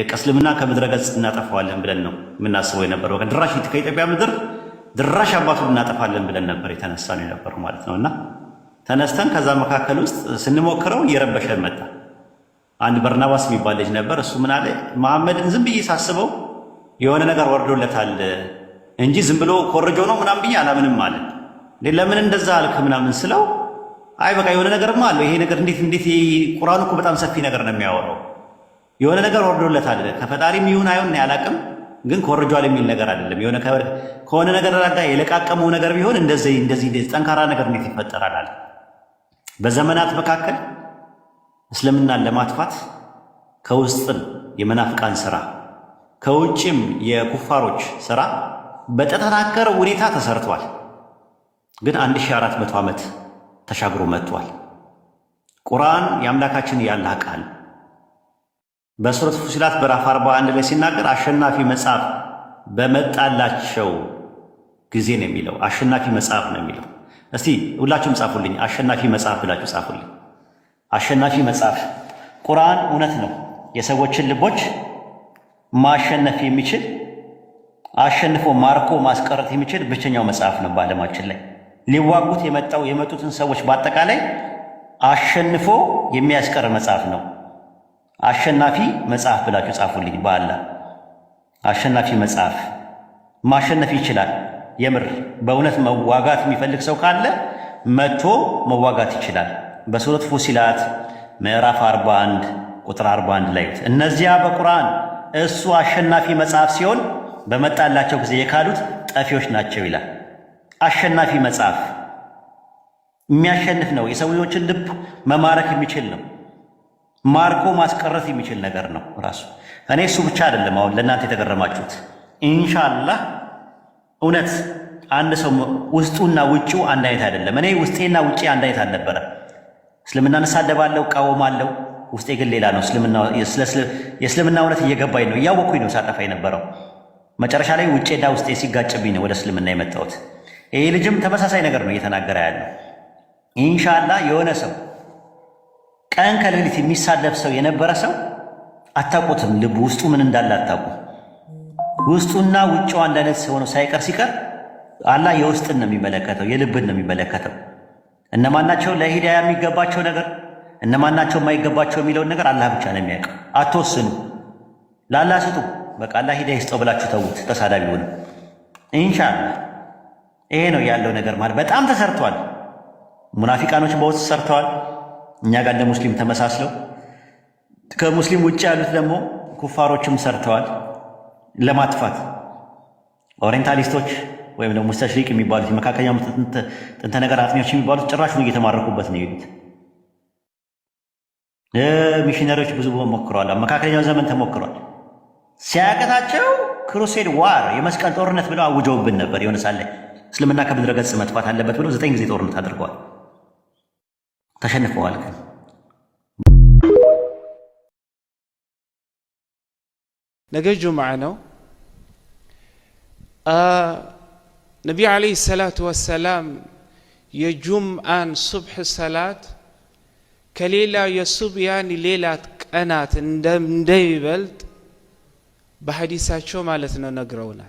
የቀስልምና ከምድረ ገጽ እናጠፋዋለን ብለን ነው የምናስበው የነበረው። ድራሽ ከኢትዮጵያ ምድር ድራሽ አባቱ እናጠፋለን ብለን ነበር የተነሳ ነው የነበረው ማለት ነው። እና ተነስተን ከዛ መካከል ውስጥ ስንሞክረው እየረበሸን መጣ። አንድ በርናባስ የሚባል ልጅ ነበር። እሱ ምን አለ፣ መሐመድን ዝም ብዬ ሳስበው የሆነ ነገር ወርዶለታል እንጂ ዝም ብሎ ኮርጆ ነው ምናምን ብዬ አላምንም አለ። ለምን እንደዛ አልክ ምናምን ስለው፣ አይ በቃ የሆነ ነገርማ አለው ይሄ ነገር እንዴት እንዴት ቁርአኑ እኮ በጣም ሰፊ ነገር ነው የሚያወራው የሆነ ነገር ወርዶለት ወርዶለታል። ከፈጣሪም ይሁን አይሁን አላቅም፣ ግን ኮርጇል የሚል ነገር አይደለም። የሆነ ከሆነ ነገር ራዳ የለቃቀመው ነገር ቢሆን እንደዚህ እንደዚህ ጠንካራ ነገር እንዴት ይፈጠራል አለ። በዘመናት መካከል እስልምናን ለማጥፋት ከውስጥም የመናፍቃን ስራ ከውጭም የኩፋሮች ስራ በተጠናከረ ሁኔታ ተሰርቷል። ግን 1400 ዓመት ተሻግሮ መጥቷል። ቁርአን የአምላካችን ያላቃል። በሱረት ፉሲላት በራፍ 41 ላይ ሲናገር አሸናፊ መጽሐፍ በመጣላቸው ጊዜ ነው የሚለው። አሸናፊ መጽሐፍ ነው የሚለው። እስቲ ሁላችሁም ጻፉልኝ፣ አሸናፊ መጽሐፍ ብላችሁ ጻፉልኝ። አሸናፊ መጽሐፍ ቁርአን እውነት ነው። የሰዎችን ልቦች ማሸነፍ የሚችል አሸንፎ ማርኮ ማስቀረት የሚችል ብቸኛው መጽሐፍ ነው በዓለማችን ላይ ሊዋጉት የመጣው የመጡትን ሰዎች በአጠቃላይ አሸንፎ የሚያስቀር መጽሐፍ ነው። አሸናፊ መጽሐፍ ብላችሁ ጻፉልኝ። በአላህ አሸናፊ መጽሐፍ ማሸነፍ ይችላል። የምር በእውነት መዋጋት የሚፈልግ ሰው ካለ መጥቶ መዋጋት ይችላል። በሱረት ፉሲላት ምዕራፍ 41 ቁጥር 41 ላይ እነዚያ በቁርአን እሱ አሸናፊ መጽሐፍ ሲሆን በመጣላቸው ጊዜ የካሉት ጠፊዎች ናቸው ይላል። አሸናፊ መጽሐፍ የሚያሸንፍ ነው። የሰው ልጆችን ልብ መማረክ የሚችል ነው። ማርኮ ማስቀረት የሚችል ነገር ነው ራሱ። እኔ እሱ ብቻ አይደለም አሁን ለእናንተ የተገረማችሁት። ኢንሻላህ እውነት አንድ ሰው ውስጡና ውጭው አንድ አይነት አይደለም። እኔ ውስጤና ውጭ አንድ አይነት አልነበረ። እስልምና እንሳደባለሁ፣ እቃወማለሁ። ውስጤ ግን ሌላ ነው። የእስልምና እውነት እየገባኝ ነው፣ እያወኩኝ ነው ሳጠፋ የነበረው። መጨረሻ ላይ ውጭና ውስጤ ሲጋጭብኝ ነው ወደ እስልምና የመጣሁት። ይህ ልጅም ተመሳሳይ ነገር ነው እየተናገረ ያለው። ኢንሻላህ የሆነ ሰው ቀን ከሌሊት የሚሳለፍ ሰው የነበረ ሰው አታውቁትም። ልቡ ውስጡ ምን እንዳለ አታውቁ። ውስጡና ውጭው አንድ አይነት ሆኖ ሳይቀር ሲቀር አላህ የውስጥን ነው የሚመለከተው፣ የልብን ነው የሚመለከተው። እነማናቸው ለሂዳያ የሚገባቸው ነገር እነማናቸው የማይገባቸው የሚለውን ነገር አላህ ብቻ ነው የሚያውቀው። አትወስኑ፣ ላላህ ስጡ። በቃ አላህ ሂዳያ ይስጠው ብላችሁ ተዉት። ተሳዳቢ ሆነ ኢንሻአላህ። ይሄ ነው ያለው ነገር ማለት በጣም ተሰርቷል። ሙናፊቃኖች በውስጥ ሰርተዋል። እኛ ጋር እንደ ሙስሊም ተመሳስለው ከሙስሊም ውጭ ያሉት ደግሞ ኩፋሮችም ሰርተዋል ለማጥፋት ኦሪንታሊስቶች ወይም ደግሞ ሙስተሽሪቅ የሚባሉት የመካከለኛው ጥንተ ነገር አጥኚዎች የሚባሉት ጭራሹን እየተማረኩበት ነው የሄዱት። ሚሽነሪዎች ብዙ ሞክረዋል። መካከለኛው ዘመን ተሞክሯል። ሲያቀታቸው ክሩሴድ ዋር የመስቀል ጦርነት ብለው አውጀውብን ነበር። የሆነ ሳለ እስልምና ከምድረ ገጽ መጥፋት አለበት ብለው ዘጠኝ ጊዜ ጦርነት አድርገዋል። تخنق والك نجج معنا آه نبي عليه الصلاة والسلام يجوم آن صبح الصلاة كليلة يصب يعني ليلة كأنات ندم ديبلت بحديثات شو مالتنا نقرونا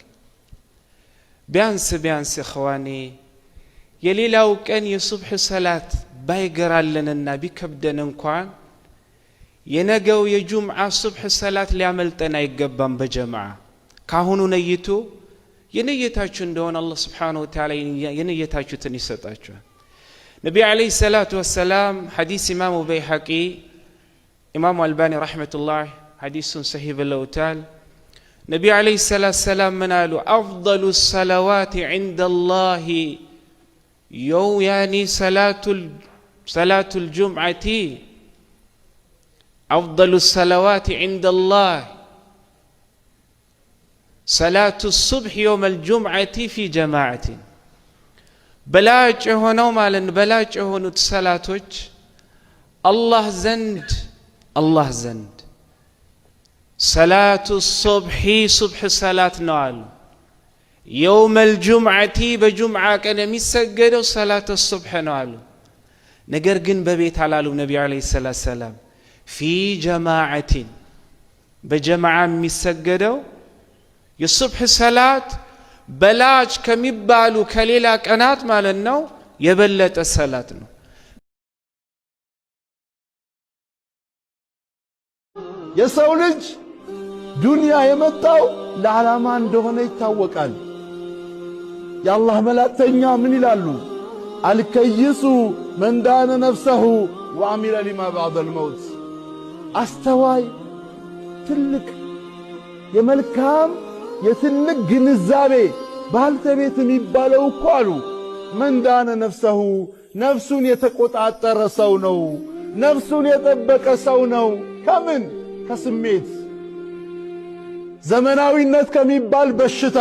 بيانس بيانس إخواني يليلة وكأن يصبح الصلاة بايقرا لنا النبي كبدا ننكوان ينقو يجمع صبح الصلاة اللي عملتنا يقبان بجمعة كاهونو نيتو ينيتاچو دون الله سبحانه وتعالى ينيتاچو تنيستاچو نبي عليه الصلاة والسلام حديث إمام بيحقي إمام الباني رحمة الله حديث صحيح بالأوتال نبي عليه الصلاة والسلام منالو أفضل الصلوات عند الله يو يعني صلاة صلاة الجمعة أفضل الصلوات عند الله صلاة الصبح يوم الجمعة في جماعة بلاج هونو مالا بلاج هونو تسلاتوش الله زند الله زند صلاة الصبح صبح صلاة نوال يوم الجمعة بجمعة كان مسجد صلاة الصبح نوالو ነገር ግን በቤት አላሉም። ነቢ ለ ሰላቱ ሰላም ፊ ጀማዓቲን በጀማዓ የሚሰገደው የሱብሕ ሰላት በላጭ ከሚባሉ ከሌላ ቀናት ማለት ነው የበለጠ ሰላት ነው። የሰው ልጅ ዱንያ የመጣው ለዓላማ እንደሆነ ይታወቃል። የአላህ መላእክተኛ ምን ይላሉ? አልከይሱ መንዳነ ነፍሰሁ ወአሚለ ሊማ ባዕደል መውት አስተዋይ ትልቅ የመልካም የትልቅ ግንዛቤ ባልተቤት የሚባለው እኮ አሉ መንዳነ ነፍሰሁ ነፍሱን የተቆጣጠረ ሰው ነው። ነፍሱን የጠበቀ ሰው ነው። ከምን ከስሜት ዘመናዊነት ከሚባል በሽታ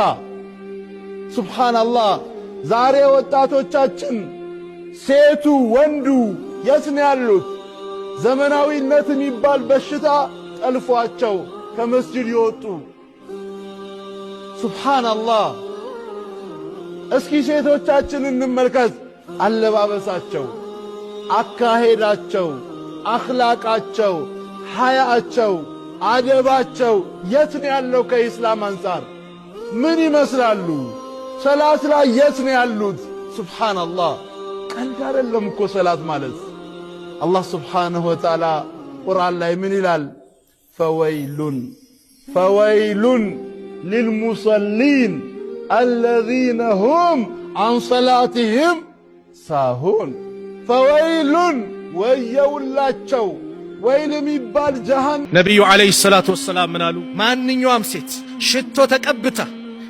ሱብሓነላህ ዛሬ ወጣቶቻችን ሴቱ ወንዱ የት ነው ያሉት? ዘመናዊነት የሚባል በሽታ ጠልፏቸው ከመስጂድ የወጡ ሱብሓንአላህ። እስኪ ሴቶቻችን እንመልከት። አለባበሳቸው፣ አካሄዳቸው፣ አኽላቃቸው፣ ሐያአቸው፣ አደባቸው የት ነው ያለው? ከኢስላም አንጻር ምን ይመስላሉ? ሰላት ላይ የት ነው ያሉት? ሱብሓነላህ ቀልድ አይደለም እኮ ሰላት ማለት። አላህ ሱብሓነሁ ወተዓላ ቁርአን ላይ ምን ይላል? ፈወይሉን ፈወይሉን ሊልሙሰሊን አለዚነ ሁም አን ሰላትህም ሳሁን። ፈወይሉን ወየውላቸው ወይል የሚባል ጀሃን ነቢዩ ዓለይሂ ሰላቱ ወሰላም ምን አሉ? ማንኛውም ሴት ሽቶ ተቀብታ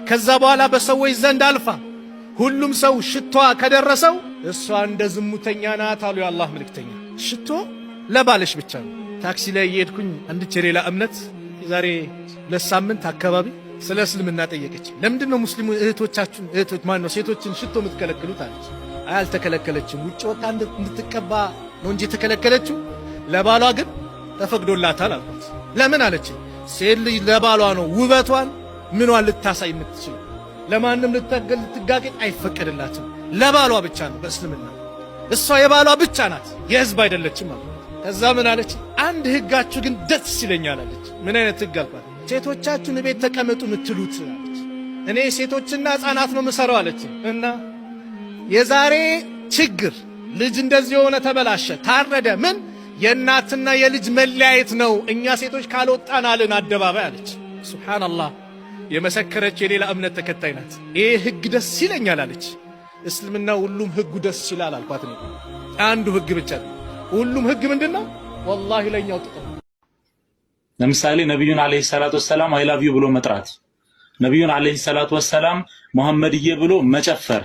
ከዛ በኋላ በሰዎች ዘንድ አልፋ ሁሉም ሰው ሽቷ ከደረሰው እሷ እንደ ዝሙተኛ ናት አሉ የአላህ መልክተኛ ሽቶ ለባለሽ ብቻ ነው። ታክሲ ላይ እየሄድኩኝ አንድች የሌላ እምነት የዛሬ ሁለት ሳምንት አካባቢ ስለ እስልምና ጠየቀች። ለምንድን ነው ሙስሊሙ እህቶቻችሁን እህቶች ማን ነው ሴቶችን ሽቶ የምትከለክሉት አለች። አልተከለከለችም። ውጭ ወጣ እንድትቀባ ነው እንጂ የተከለከለችው ለባሏ ግን ተፈቅዶላታል አልኩት። ለምን አለች። ሴት ልጅ ለባሏ ነው ውበቷን ምኗን ልታሳይ የምትችል ለማንም ልትጋገጥ አይፈቀድላትም። ለባሏ ብቻ ነው በእስልምና እሷ የባሏ ብቻ ናት፣ የህዝብ አይደለችም ማለት። ከዛ ምን አለች? አንድ ህጋችሁ ግን ደስ ይለኛል አለች። ምን አይነት ህግ አልኳት። ሴቶቻችሁን ቤት ተቀመጡ ምትሉት አለች። እኔ ሴቶችና ህፃናት ነው ምሰረው አለች። እና የዛሬ ችግር ልጅ እንደዚህ የሆነ ተበላሸ፣ ታረደ፣ ምን የእናትና የልጅ መለያየት ነው። እኛ ሴቶች ካልወጣን አልን አደባባይ አለች። ሱብሃነላህ የመሰከረች የሌላ እምነት ተከታይ ናት። ይህ ህግ ደስ ይለኛል አለች። እስልምና ሁሉም ህጉ ደስ ይላል አልኳት። አንዱ ህግ ብቻ ነው። ሁሉም ህግ ምንድን ነው? ወላሂ ለኛው ጥቅም ለምሳሌ ነቢዩን አለይሂ ሰላቱ ወሰላም አይ ላቭ ዩ ብሎ መጥራት፣ ነቢዩን አለይሂ ሰላቱ ወሰላም መሐመድዬ ብሎ መጨፈር።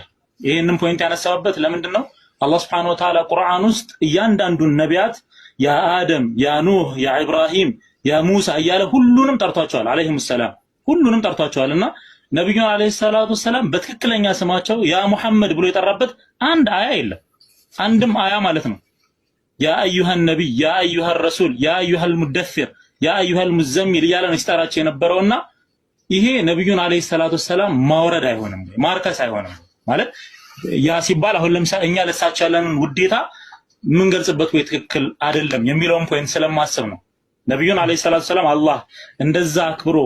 ይህንም ፖይንት ያነሳውበት ለምንድን ነው? አላህ ሱብሓነሁ ወተዓላ ቁርአን ውስጥ እያንዳንዱን ነቢያት ያ አደም፣ ያ ኑህ፣ ያ ኢብራሂም፣ ያ ሙሳ እያለ ሁሉንም ጠርቷቸዋል አለይሂም ሰላም ሁሉንም ጠርቷቸዋል እና ነቢዩን አለይሂ ሰላቱ ሰላም በትክክለኛ ስማቸው ያ ሙሐመድ ብሎ የጠራበት አንድ አያ የለም። አንድም አያ ማለት ነው። ያ አዩሃን ነቢይ፣ ያ አዩሃን ረሱል፣ ያ አዩሃል ሙደፊር፣ ያ አዩሃል ሙዘሚል እያለ ነው ሲጠራቸው የነበረውና ይሄ ነቢዩን አለይሂ ሰላቱ ሰላም ማውረድ አይሆንም፣ ማርከስ አይሆንም ማለት ያ ሲባል አሁን ለምሳሌ እኛ ለሳቸው ያለንን ውዴታ የምንገልጽበት ወይ ትክክል አይደለም የሚለውን ፖይንት ስለማስብ ነው። ነቢዩን አለይሂ ሰላቱ ሰላም አላህ እንደዛ አክብሮ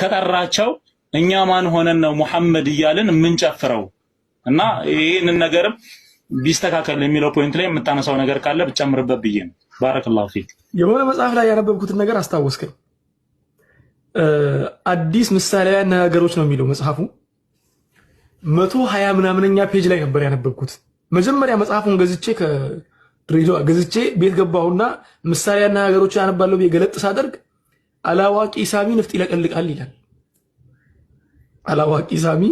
ከጠራቸው እኛ ማን ሆነን ነው ሙሐመድ እያልን የምንጨፍረው? እና ይህንን ነገርም ቢስተካከል የሚለው ፖይንት ላይ የምታነሳው ነገር ካለ ብጨምርበት ብዬ ነው። ባረከላሁ ፊክ። የሆነ መጽሐፍ ላይ ያነበብኩትን ነገር አስታወስከኝ። አዲስ ምሳሌያዊ አነጋገሮች ነው የሚለው መጽሐፉ። መቶ ሀያ ምናምነኛ ፔጅ ላይ ነበር ያነበብኩት። መጀመሪያ መጽሐፉን ገዝቼ ከድሬዳዋ ገዝቼ ቤት ገባሁና ምሳሌያዊ አነጋገሮችን አነባለሁ ብዬ ገለጥ ሳደርግ አላዋቂ ሳሚ ንፍጥ ይለቀልቃል ይላል። አላዋቂ ሳሚ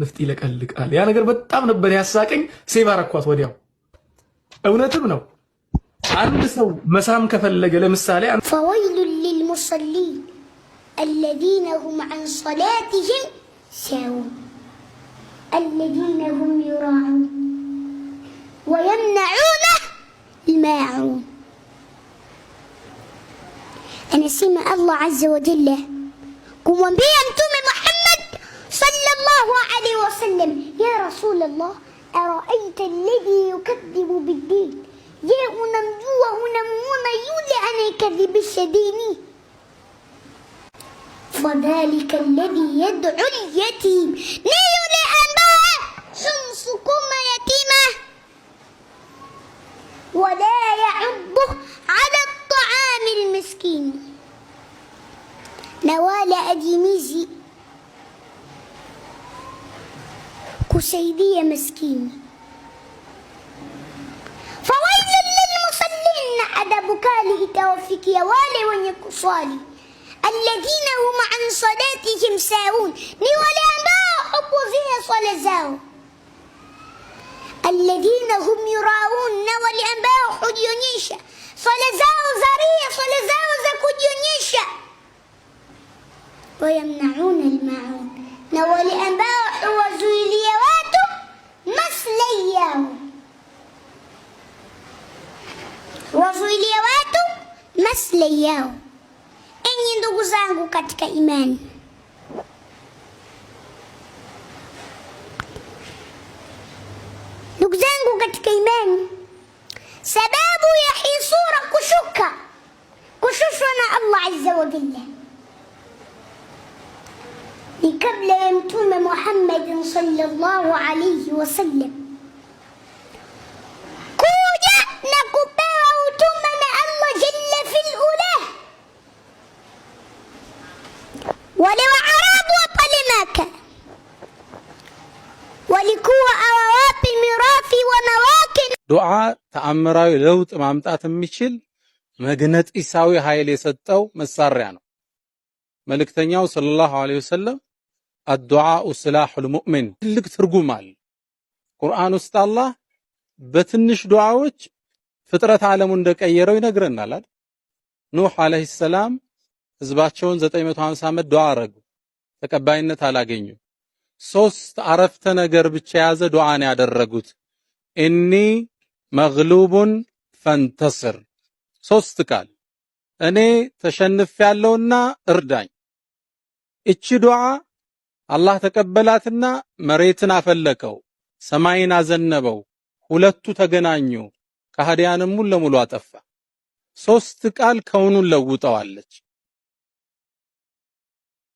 ንፍጥ ይለቀልቃል። ያ ነገር በጣም ነበር ያሳቀኝ። ሴቭ አረኳት ወዲያው። እውነትም ነው። አንድ ሰው መሳም ከፈለገ ለምሳሌ ፈወይሉን ሊልሙሰሊን አለዚነ ሁም አን ሰላትህም ሳሁን አለዚነ ሁም ዩራዑን ወየምነዑነ ልማዑን anasema Allah azza wa jalla kumwambia Mtume Muhammad sallallahu alaihi wasallam, ya Rasulullah, araaita alladhi yukadhibu biddin, je, unamjua unamuona yule anayekadhibisha dini? Fadhalika alladhi yad'u alyatim, ni yule ambaye humsukuma yatima wala مسكين نوال أديميزي قسيدية مسكين فويل للمصلين على بكاله توفيك يا والي ونكصالي الذين هم عن صلاتهم ساهون نوالي أما حب فيها صلاة الذين هم يراؤون نوالي أنباء حديونيشا صلزاو زريع صلزاو زكوديونيشا ويمنعون الماعون نولي أنباء وزوليوات مثلياو وزوليوات مثلياو Enyi ndugu zangu katika imani, ndugu zangu katika imani سباب يحيي صورة كشوكا كشوشنا الله عز وجل لقبل أن محمد صلى الله عليه وسلم ዱዓ ተአምራዊ ለውጥ ማምጣት የሚችል መግነጢሳዊ ኃይል የሰጠው መሳሪያ ነው። መልእክተኛው ሰለላሁ ዐለይሂ ወሰለም አዱዓኡ ስላሑል ሙእሚን ትልቅ ትርጉም አለ። ቁርአን ውስጥ አላህ በትንሽ ዱዓዎች ፍጥረት ዓለሙ እንደቀየረው ይነግረናል አይደል? ኑህ ዐለይሂ ሰላም ህዝባቸውን 950 ዓመት ዱዓ አረጉ፣ ተቀባይነት አላገኙም። ሶስት አረፍተ ነገር ብቻ የያዘ ዱዓን ያደረጉት እኒ መግሉቡን ፈንተስር ሶስት ቃል እኔ ተሸንፍ ያለውና እርዳኝ። እቺ ዱዓ አላህ ተቀበላትና መሬትን አፈለቀው፣ ሰማይን አዘነበው፣ ሁለቱ ተገናኙ፣ ከሃዲያንም ሙሉ ለሙሉ አጠፋ። ሶስት ቃል ከውኑን ለውጠዋለች።